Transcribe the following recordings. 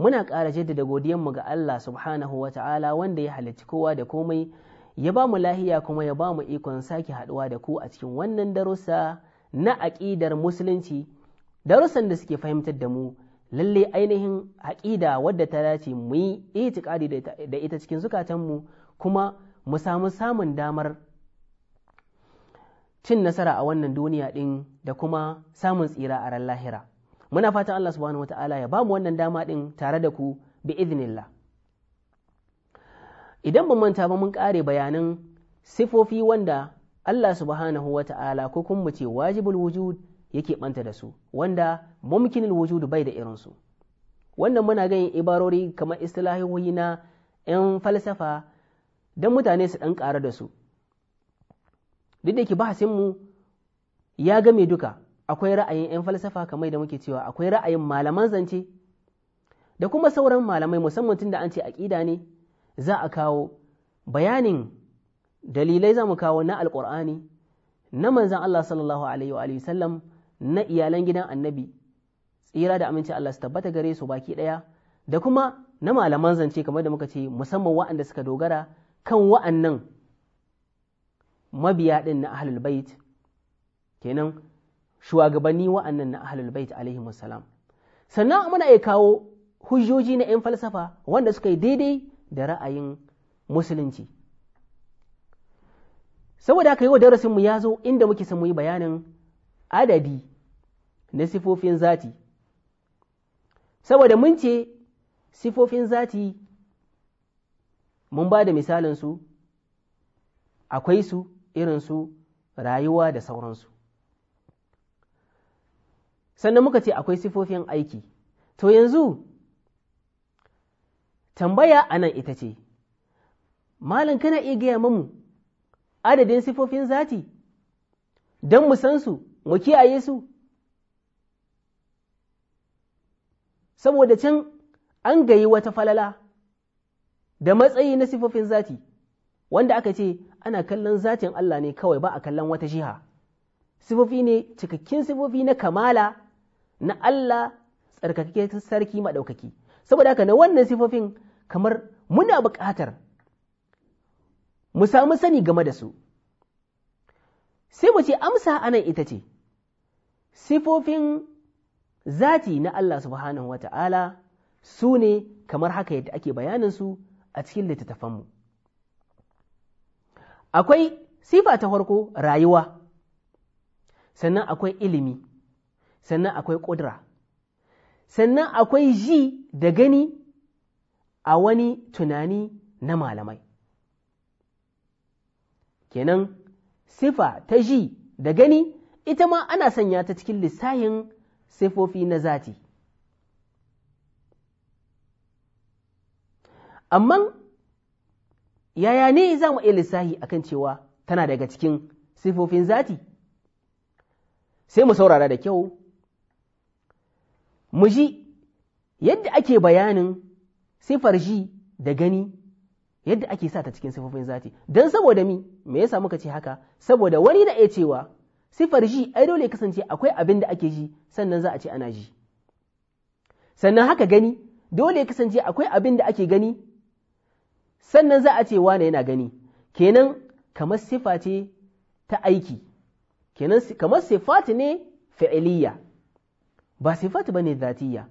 muna ƙara jaddada godiyanmu ga Allah subhanahu wa ta'ala wanda ya halicci kowa da komai ya ba mu lahiya kuma ya ba mu ikon sake haɗuwa da ku a cikin wannan darussa na aƙidar musulunci darussan da suke fahimtar da mu lalle ainihin aƙida wadda ta dace mu yi itiƙadi da ita cikin zukatanmu kuma mu samu samun damar cin nasara a wannan duniya ɗin da kuma samun tsira a ran lahira muna fatan Allah subhanahu wata'ala ya bamu wannan dama din tare da ku bi idnillah idan ban manta ba mun kare bayanan sifofi wanda Allah subhanahu wata'ala ko kuma mu ce wajibul wujud yake banta da su wanda mumkinul wujud bai da irin su wannan muna ganin ibarori kamar istilahihoyi na 'yan falsafa don mutane su ɗan ƙara da su duk da ke mu ya game duka akwai ra'ayin 'yan falsafa kamar da muke cewa akwai ra'ayin malaman zance da kuma sauran malamai musamman tun da an ce aƙida ne za a kawo bayanin dalilai za mu kawo na alƙur'ani na manzan Allah sallallahu alaihi wa sallam na iyalan gidan annabi tsira da aminci Allah su tabbata gare su baki ɗaya da kuma na malaman zance kamar da muka ce musamman wa'anda suka dogara kan wa'annan mabiya ɗin na ahlul bait kenan shugabanni wa'annan na ahlul bait alaihi wasalam sannan muna iya kawo hujjoji na 'yan falsafa wanda suka yi daidai da ra'ayin musulunci saboda haka yi wa darasinmu ya zo inda muke samu yi bayanin adadi na sifofin zati saboda mun ce sifofin zati mun ba da misalin su, akwai su irin su, rayuwa da sauransu sannan muka ce akwai sifofin aiki to yanzu tambaya a nan ita ce malam kana iya gaya mamu adadin sifofin zati don mu san su mu kiyaye su saboda can an gayi wata falala da matsayi na sifofin zati wanda aka ce ana kallon zatin Allah ne kawai ba a kallon wata jiha sifofi ne cikakkin sifofi na kamala na Allah tsarkake sarki maɗaukaki saboda haka na wannan sifofin kamar muna buƙatar mu samu sani game da su sai mu ce amsa anan ita ce sifofin zati na Allah subhanahu wa su ne kamar haka yadda ake bayaninsu a cikin littattafanmu akwai sifa ta farko rayuwa sannan akwai ilimi sannan akwai ƙudura sannan akwai ji da gani a wani tunani na malamai kenan sifa ta ji da gani ita ma ana sanya ta cikin lissahin sifofi na zati amma yaya ne za mu iya lissahi akan cewa tana daga cikin sifofin zati sai mu saurara da kyau mu ji yadda ake bayanin sifar ji da gani yadda ake sa ta cikin sifofin zati don saboda mi me yasa muka ce haka saboda wani da ya cewa sifar ji ai dole kasance akwai abin da ake ji sannan za a ce ana ji sannan haka gani dole kasance akwai abin da ake gani sannan za a ce wane yana gani kenan kamar sifa ce ta aiki kenan kamar sifa ne fa'iliya ba sifatu bane zatiyya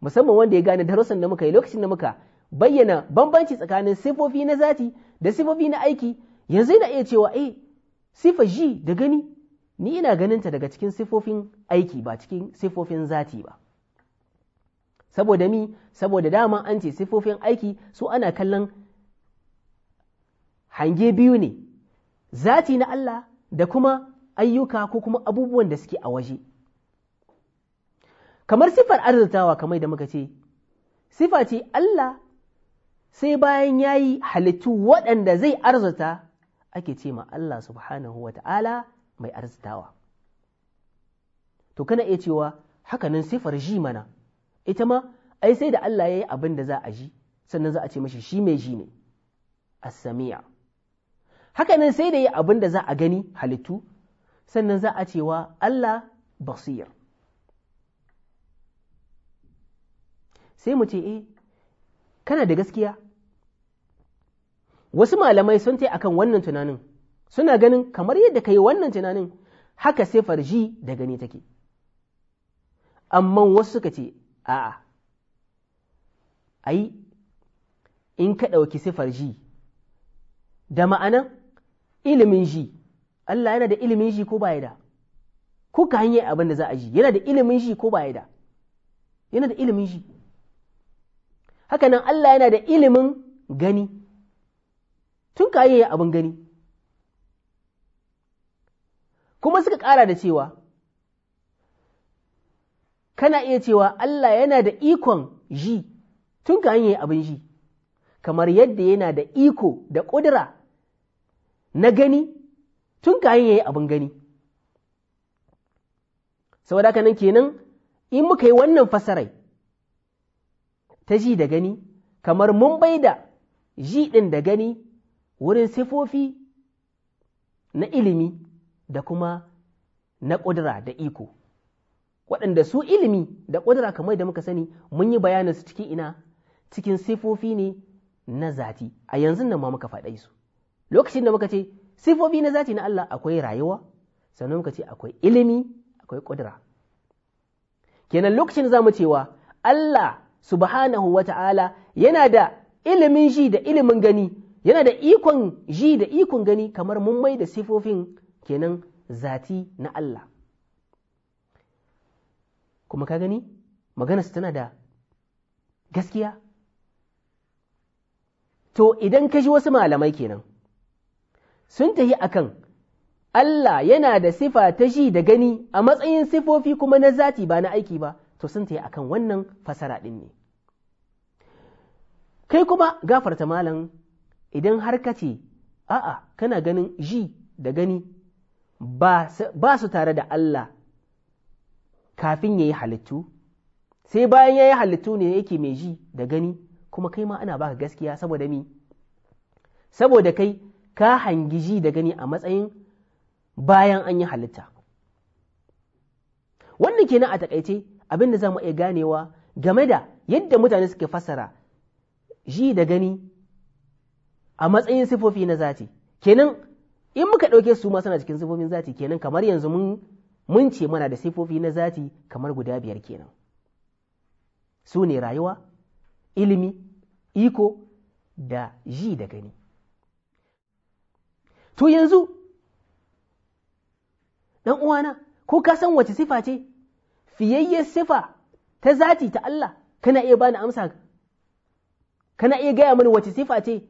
musamman wanda ya gane darussan da muka yi lokacin da muka bayyana bambanci tsakanin sifofi na zati da sifofi na aiki yanzu yana iya cewa eh sifa ji da gani ni ina ganin ta daga cikin sifofin aiki ba cikin sifofin zati ba saboda mi saboda dama an ce sifofin aiki su ana kallon hange biyu ne zati na Allah da kuma ayyuka ko kuma abubuwan da suke a waje kamar sifar arzatawa, kamar da muka ce sifa ce Allah sai bayan ya yi halittu waɗanda zai arzata ake ce ma Allah subhanahu wa ta'ala mai arzatawa. to kana iya cewa hakanan sifar ji mana ita ma ai sai da Allah ya yi abin da za a ji sannan za a ce mashi shi mai ji ne as-sami'a hakanan sai da yi abin da za a gani halittu sannan za a cewa Allah basir sai mu ce eh, kana da gaskiya wasu malamai sun tai akan wannan tunanin suna ganin kamar yadda ka yi wannan tunanin haka sai farji da gani take amma wasu suka ce a'a ai in ka ɗauki sifar ji da ma'anan ilimin ji Allah yana da ilimin ji ko ba da Kuka hanyar abin da za a ji yana da ilimin ji ko ba da yana da ilimin ji hakanan Allah yana da ilimin gani tun kayi ya abin gani kuma suka ƙara da cewa kana iya cewa Allah yana da ikon ji tun kayi ya abin ji kamar yadda yana da iko da ƙudura na gani tun kayi ya abin gani saboda kanan kenan in muka yi wannan fasarai ta ji da gani kamar mun bai da ji ɗin da gani wurin sifofi na ilimi da kuma na ƙudura da iko waɗanda su ilimi da ƙudura kamar da muka sani mun yi bayanin su cikin ina cikin sifofi ne na zati a yanzu nan ma muka faɗai su lokacin da muka ce sifofi na zati na Allah akwai rayuwa sannan muka ce akwai ilimi akwai ƙudura kenan lokacin da za mu cewa Allah subhanahu wa ta'ala yana da ilimin ji da ilimin gani yana da ikon ji da ikon gani kamar mun mai da sifofin kenan zati na Allah kuma ka gani su tana da gaskiya to idan ka ji wasu malamai kenan sun tahi akan Allah yana da sifa ta ji da gani a matsayin sifofi kuma na zati ba na aiki ba to sun tahi akan wannan fasara ɗin ne kai kuma gafarta malam idan har ka ce a'a kana ganin ji da gani ba su tare da Allah kafin ya yi halittu sai bayan ya yi halittu ne yake mai ji da gani kuma kai ma ana baka gaskiya saboda mi saboda kai ka hangi ji da gani a matsayin bayan an yi halitta wannan kenan a takaice abin da za mu iya ganewa game da yadda mutane suke fassara ji da gani a matsayin sifofi na zati kenan in muka ɗauke su ma suna cikin sifofin zati kenan kamar yanzu mun mun ce mana da sifofi na zati kamar guda biyar kenan su ne rayuwa ilimi iko da ji da gani to yanzu dan uwana ko ka san wace sifa ce fiyayyar sifa ta zati ta Allah kana iya bani amsa kana iya gaya mana wace sifa ce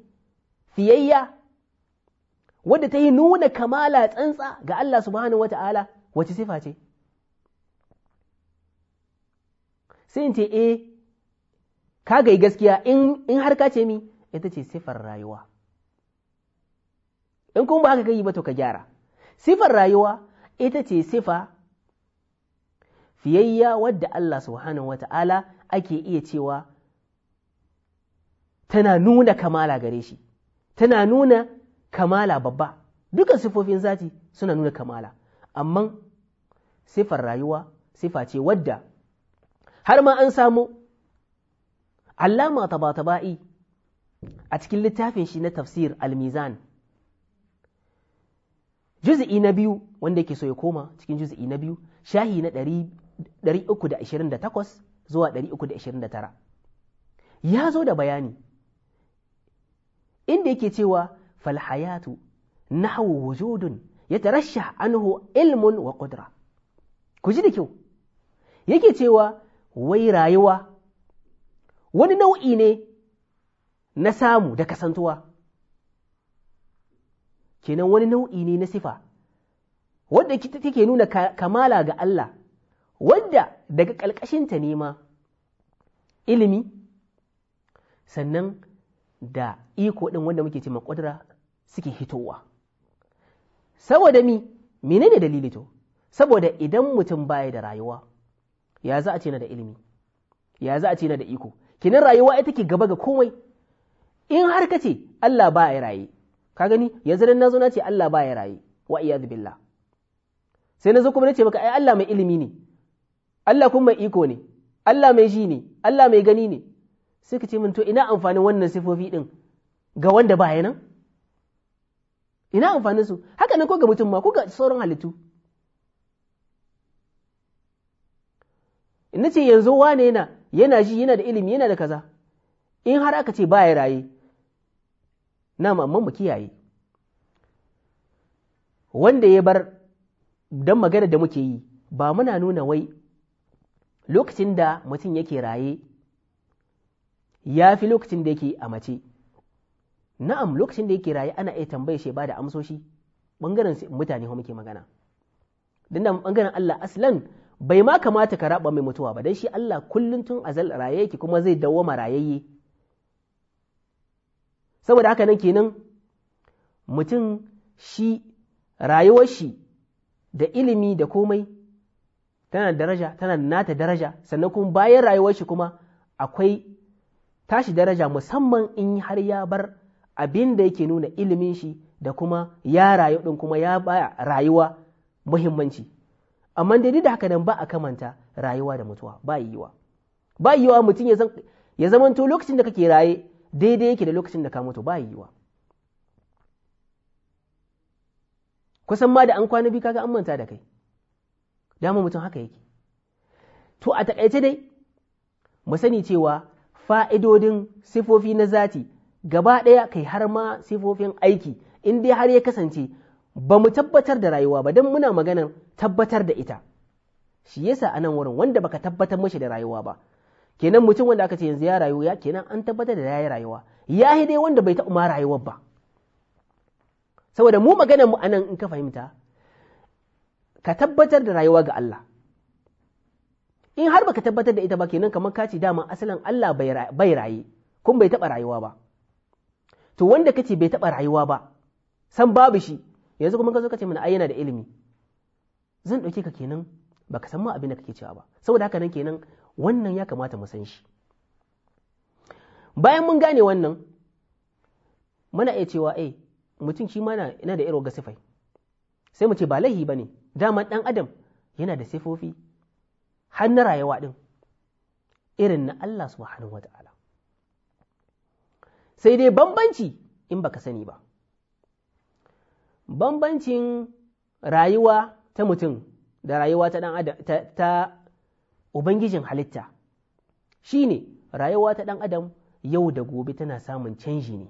fiyayya wadda ta yi nuna kamala tsantsa ga Allah subhanahu wata'ala wace sifa ce sai in ce eh ka gai gaskiya in har ka ce mi ita ce sifar rayuwa in kuma ba haka kai ba to ka gyara sifar rayuwa ita ce sifa fiyayya wadda Allah subhanahu wata'ala ake iya cewa tana nuna kamala gare shi tana nuna kamala babba duka sifofin zati suna nuna kamala amma sifar rayuwa sifa ce wadda har ma an samu allama taba-taba'i a cikin littafin shi na tafsir al-mizan juz'i na biyu wanda yake so ya koma cikin juz'i na biyu shahi na 328 zuwa 329 ya zo da bayani inda yake cewa falhayatu nahwu wujudun yatarashah anhu ilmun wa qudra ku ji da kyau yake cewa wai rayuwa wani nau'i ne na samu da kasantuwa kenan wani nau'i ne na sifa wadda take nuna kamala ga Allah wadda daga ƙalƙashinta ma? ilimi sannan da iko ɗin wanda muke ce makwadara suke hitowa saboda mi menene dalili to saboda idan mutum baya da rayuwa ya za a ce na da ilimi ya za a ce na da iko kinan rayuwa ita ke gaba ga komai in har ka ce Allah ba ya raye ka gani yanzu dan nazo na ce Allah ba ya raye wa iyad billah sai nazo kuma na ce maka ai Allah mai ilimi ne Allah kuma mai iko ne Allah mai ji ne Allah mai gani ne suka ce min to ina amfanin wannan sifofi ɗin ga wanda ba ya nan ina amfanin su haka nan ko ga mutum ma ko ga sauran halittu ina ce yanzu wane yana yana ji yana da ilimi yana da kaza in har aka ce ba ya raye na amma mu kiyaye wanda ya bar don magana da muke yi ba muna nuna wai lokacin da mutum yake raye ya fi lokacin da yake a mace na'am lokacin da yake raye ana iya tambaye shi ba da amsoshi bangaren mutane ho muke magana dan nan bangaren Allah aslan bai ma kamata ka raba mai mutuwa ba dan shi Allah kullun tun azal raye yake kuma zai dawwama rayayye saboda haka nan kenan mutum shi rayuwar shi da ilimi da komai tana daraja tana nata daraja sannan kuma bayan rayuwar shi kuma akwai tashi daraja musamman in har ya bar abin da yake nuna ilimin shi da kuma ya rayu ɗin kuma ya baya rayuwa muhimmanci amma daidai da haka nan ba a kamanta rayuwa da mutuwa ba yiwa ba yiwa mutum ya zamanto lokacin da kake raye daidai yake da lokacin da ka mutu ba yiwa kusan ma da an kwana biyu kaga an manta da kai dama mutum haka yake to a takaice dai mu sani cewa fa'idodin sifofi na zati gaba ɗaya kai har ma sifofin aiki in dai har ya kasance ba mu tabbatar da rayuwa ba don muna maganar tabbatar da ita shi yasa a nan wurin wanda baka tabbatar mashi da rayuwa ba kenan mutum wanda aka ce yanzu ya rayu ya kenan an tabbatar da yayi rayuwa ya yi dai wanda bai taɓa ma rayuwar ba saboda mu maganar mu a nan in ka fahimta ka tabbatar da rayuwa ga Allah in har baka tabbatar da ita ba kenan kamar ka ce dama asalin Allah bai raye kun bai taba rayuwa ba to wanda kace bai taba rayuwa ba san babu shi yanzu kuma ka zo kace mana yana da ilimi zan ɗauke ka kenan baka san ma abin da kake cewa ba saboda haka nan kenan wannan ya kamata mu san shi bayan mun gane wannan muna iya cewa eh mutum shi ma yana da irin ga sai mu ce ba laihi bane dama dan adam yana da sifofi har na rayuwa ɗin irin na Allah subhanahu wa ta'ala sai dai bambanci in baka sani ba bambancin rayuwa ta mutum da rayuwa ta ɗan ta ubangijin halitta shine rayuwa ta ɗan adam yau da gobe tana samun canji ne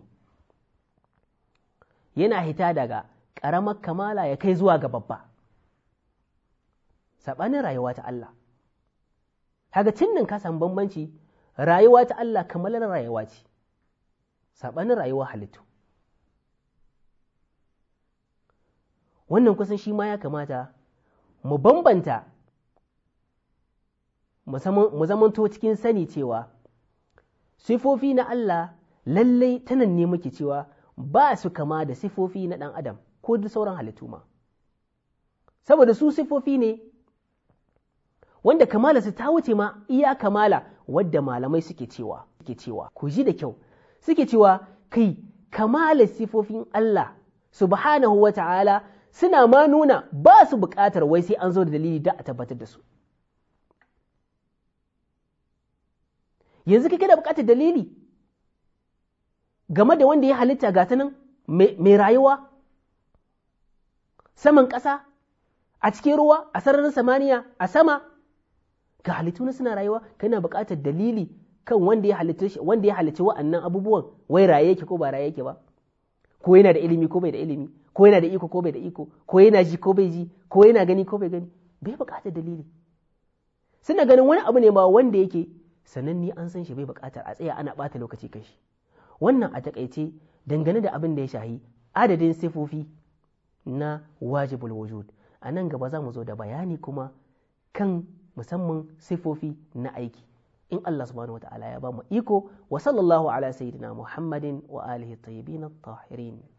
yana hita daga ƙaramar kamala ya kai zuwa ga babba saɓanin rayuwa ta Allah kaga nan ka samu bambanci rayuwa ta Allah kamalar rayuwa ce saɓanin rayuwa halittu wannan kusan shi ma ya kamata mu bambanta mu zamanto cikin sani cewa sifofi na Allah lallai tanan ne muke cewa ba su kama da sifofi na ɗan adam ko da sauran halittu ma saboda su sifofi ne wanda kamalarsa ta wuce ma iya kamala wadda malamai suke cewa suke cewa ku ji da kyau suke cewa kai kamala sifofin Allah subhanahu wa ta'ala suna ma nuna ba su buƙatar wai sai an zo da dalili da a tabbatar da su yanzu kake da buƙatar dalili game da wanda ya halitta ga nan mai rayuwa saman ƙasa a cikin ruwa a sararin samaniya a sama Ka halittu na suna rayuwa kana buƙatar dalili kan wanda ya halitta wa'annan abubuwan wai raye yake ko ba raye yake ba ko yana da ilimi ko bai da ilimi ko yana da iko ko bai da iko ko yana ji ko bai ji ko yana gani ko bai gani bai buƙatar dalili suna ganin wani abu ne ma wanda yake ni an san shi bai buƙatar a tsaya ana ɓata lokaci kan shi wannan a takaice dangane da abin da ya shahi adadin sifofi na wajibul wujud a nan gaba za mu zo da bayani kuma kan musamman siffofi na aiki in Allah subhanahu wata'ala ya ba mu iko wa sallallahu ala sayyidina Muhammadin wa alihi tayyibin at-tahirin